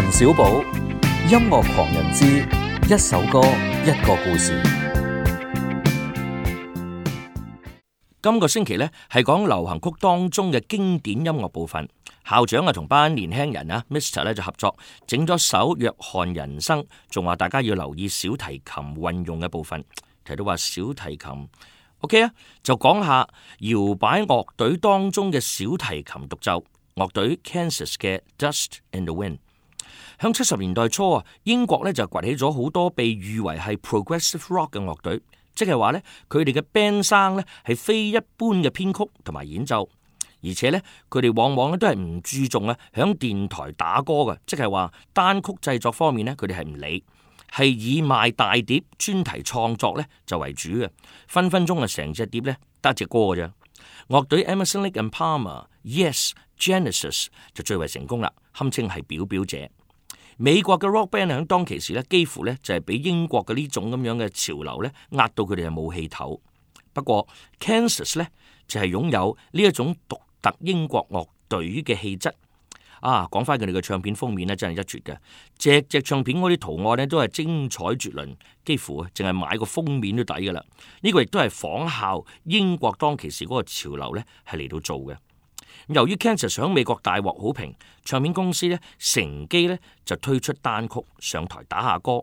陳少寶音樂狂人之一首歌一個故事。今個星期咧，係講流行曲當中嘅經典音樂部分。校長啊，同班年輕人啊 Mr. 咧，就合作整咗首《約翰人生》，仲話大家要留意小提琴運用嘅部分。提到話小提琴，OK 啊，就講下搖擺樂隊當中嘅小提琴獨奏。樂隊 Kansas 嘅《Dust In The Wind》。響七十年代初啊，英國咧就崛起咗好多被譽為係 progressive rock 嘅樂隊，即係話咧佢哋嘅 band 生咧係非一般嘅編曲同埋演奏，而且咧佢哋往往咧都係唔注重啊響電台打歌嘅，即係話單曲製作方面咧佢哋係唔理，係以賣大碟、專題創作咧就為主嘅，分分鐘啊成隻碟咧得隻歌噶咋。樂隊 Emerson、l a m p a r Yes、Genesis 就最為成功啦，堪稱係表表姐。美國嘅 Rock Band 喺當其時咧，幾乎咧就係俾英國嘅呢種咁樣嘅潮流咧壓到佢哋係冇氣頭。不過 Kansas 咧就係擁有呢一種獨特英國樂隊嘅氣質。啊，講翻佢哋嘅唱片封面咧，真係一絕嘅。隻隻唱片嗰啲圖案咧都係精彩絕倫，幾乎啊淨係買個封面都抵㗎啦。呢個亦都係仿效英國當其時嗰個潮流咧係嚟到做嘅。由於 Kansas 響美國大獲好評，唱片公司咧乘機咧就推出單曲上台打下歌。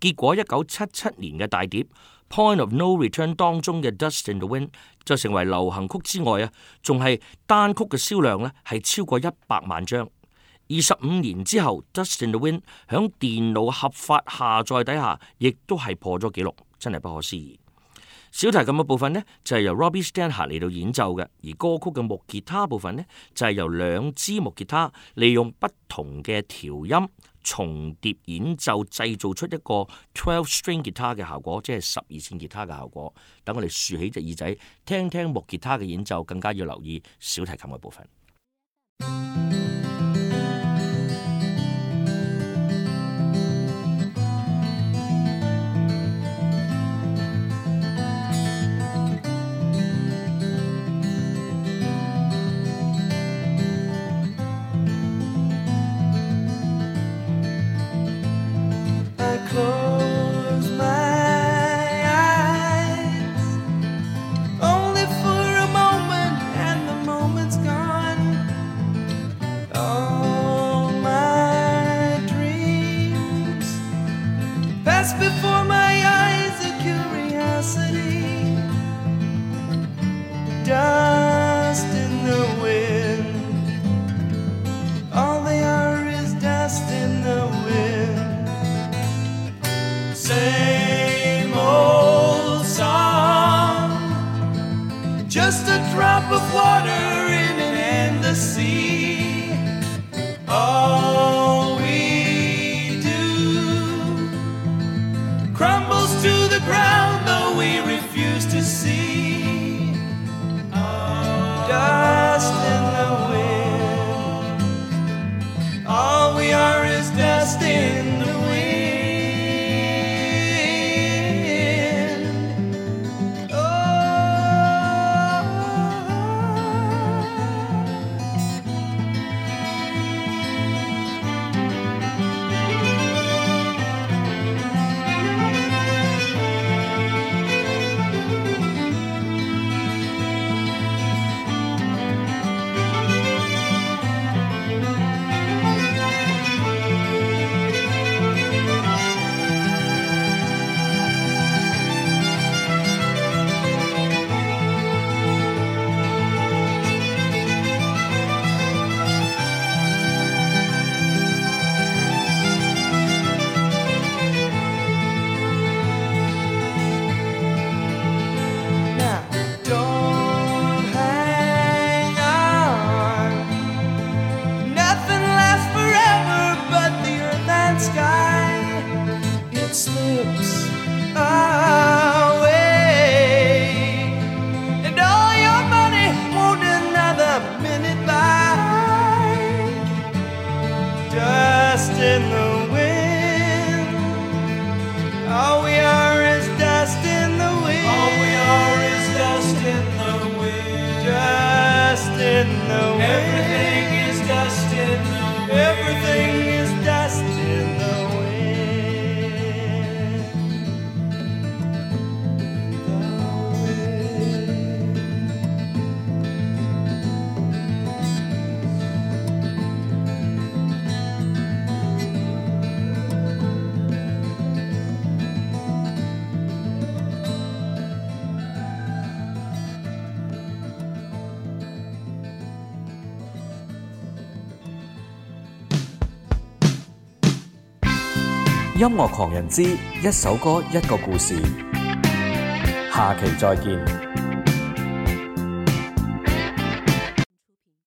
結果一九七七年嘅大碟《Point of Know Return》當中嘅 Dust in the Wind 就成為流行曲之外啊，仲係單曲嘅銷量咧係超過一百萬張。二十五年之後，Dust in the Wind 響電腦合法下載底下，亦都係破咗紀錄，真係不可思議。小提琴嘅部分呢，就係由 Robby Steinhardt 嚟到演奏嘅，而歌曲嘅木吉他部分呢，就係由兩支木吉他利用不同嘅調音重疊演奏，製造出一個 twelve-string 吉他嘅效果，即係十二弦吉他嘅效果。等我哋豎起隻耳仔，聽聽木吉他嘅演奏，更加要留意小提琴嘅部分。音樂狂人之一首歌，一個故事，下期再見。